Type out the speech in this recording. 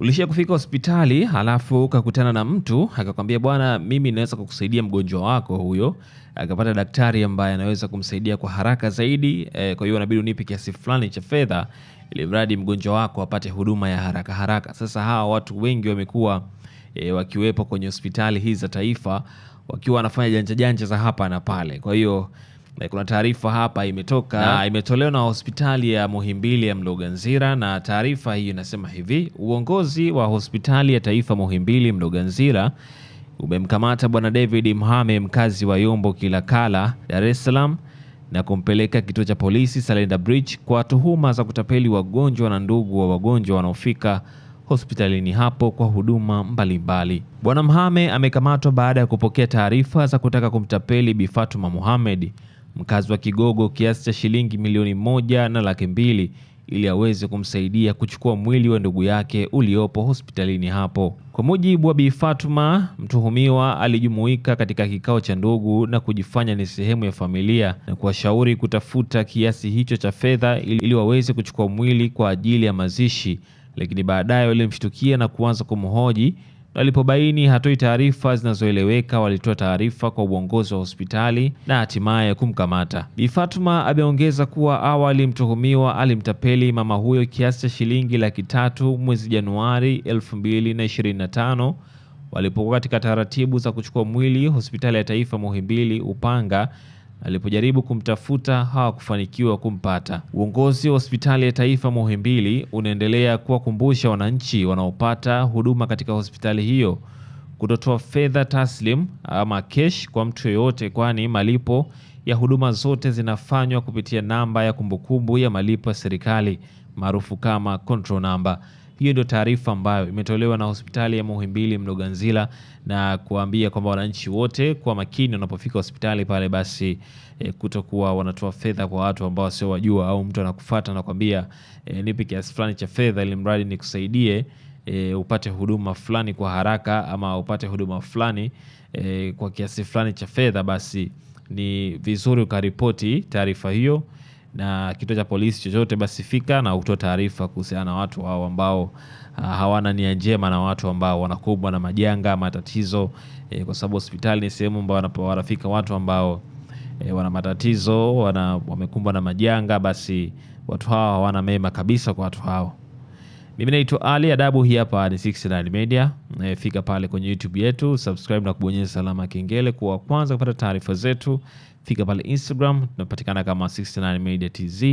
ulishia kufika hospitali halafu ukakutana na mtu akakwambia, bwana, mimi naweza kukusaidia mgonjwa wako huyo, akapata daktari ambaye anaweza kumsaidia kwa haraka zaidi e, kwa hiyo inabidi unipe kiasi fulani cha fedha ili mradi mgonjwa wako apate huduma ya haraka haraka. Sasa hawa watu wengi wamekuwa e, wakiwepo kwenye hospitali hizi za taifa wakiwa wanafanya janja janja za hapa na pale, kwa hiyo kuna taarifa hapa imetoka na imetolewa na hospitali ya Muhimbili ya Mloganzila, na taarifa hii inasema hivi: uongozi wa hospitali ya taifa Muhimbili Mloganzila umemkamata bwana David Mhame, mkazi wa Yombo Kilakala, Dar es Salaam, na kumpeleka kituo cha polisi Salenda Bridge kwa tuhuma za kutapeli wagonjwa na ndugu wa wagonjwa wanaofika hospitalini hapo kwa huduma mbalimbali. Bwana Mhame amekamatwa baada ya kupokea taarifa za kutaka kumtapeli Bi Fatuma mkazi wa Kigogo kiasi cha shilingi milioni moja na laki mbili ili aweze kumsaidia kuchukua mwili wa ndugu yake uliopo hospitalini hapo. Kwa mujibu wa Bi Fatuma, mtuhumiwa alijumuika katika kikao cha ndugu na kujifanya ni sehemu ya familia na kuwashauri kutafuta kiasi hicho cha fedha ili waweze kuchukua mwili kwa ajili ya mazishi, lakini baadaye walimshtukia na kuanza kumhoji Walipobaini hatoi taarifa zinazoeleweka, walitoa taarifa kwa uongozi wa hospitali na hatimaye kumkamata. Bi Fatuma ameongeza kuwa awali mtuhumiwa alimtapeli mama huyo kiasi cha shilingi laki tatu mwezi Januari 2025 walipokuwa katika taratibu za kuchukua mwili hospitali ya taifa Muhimbili Upanga Alipojaribu kumtafuta hawakufanikiwa kumpata. Uongozi wa hospitali ya taifa Muhimbili unaendelea kuwakumbusha wananchi wanaopata huduma katika hospitali hiyo kutotoa fedha taslim ama kesh kwa mtu yoyote, kwani malipo ya huduma zote zinafanywa kupitia namba ya kumbukumbu ya malipo ya serikali maarufu kama control number. Hiyo ndio taarifa ambayo imetolewa na hospitali ya Muhimbili Mloganzila na kuambia kwamba wananchi wote kwa makini wanapofika hospitali pale, basi e, kutokuwa wanatoa fedha kwa watu ambao sio wajua, au mtu anakufuata anakwambia e, eh, nipe kiasi fulani cha fedha ili mradi nikusaidie E, upate huduma fulani kwa haraka ama upate huduma fulani e, kwa kiasi fulani cha fedha, basi ni vizuri ukaripoti taarifa hiyo na kituo cha polisi chochote, basi fika na utoe taarifa kuhusiana na watu hao ambao ah, hawana nia njema na watu ambao wanakumbwa na majanga, matatizo e, kwa sababu hospitali ni sehemu ambayo wanafika watu ambao e, wana matatizo, wamekumbwa na majanga, basi watu hao hawana mema kabisa kwa watu hao. Mimi naitwa Ali Adabu, hii hapa ni 69 Media. E, fika pale kwenye YouTube yetu subscribe na kubonyeza alama ya kengele kuwa wa kwanza kupata taarifa zetu. Fika pale Instagram tunapatikana kama 69 Media TZ.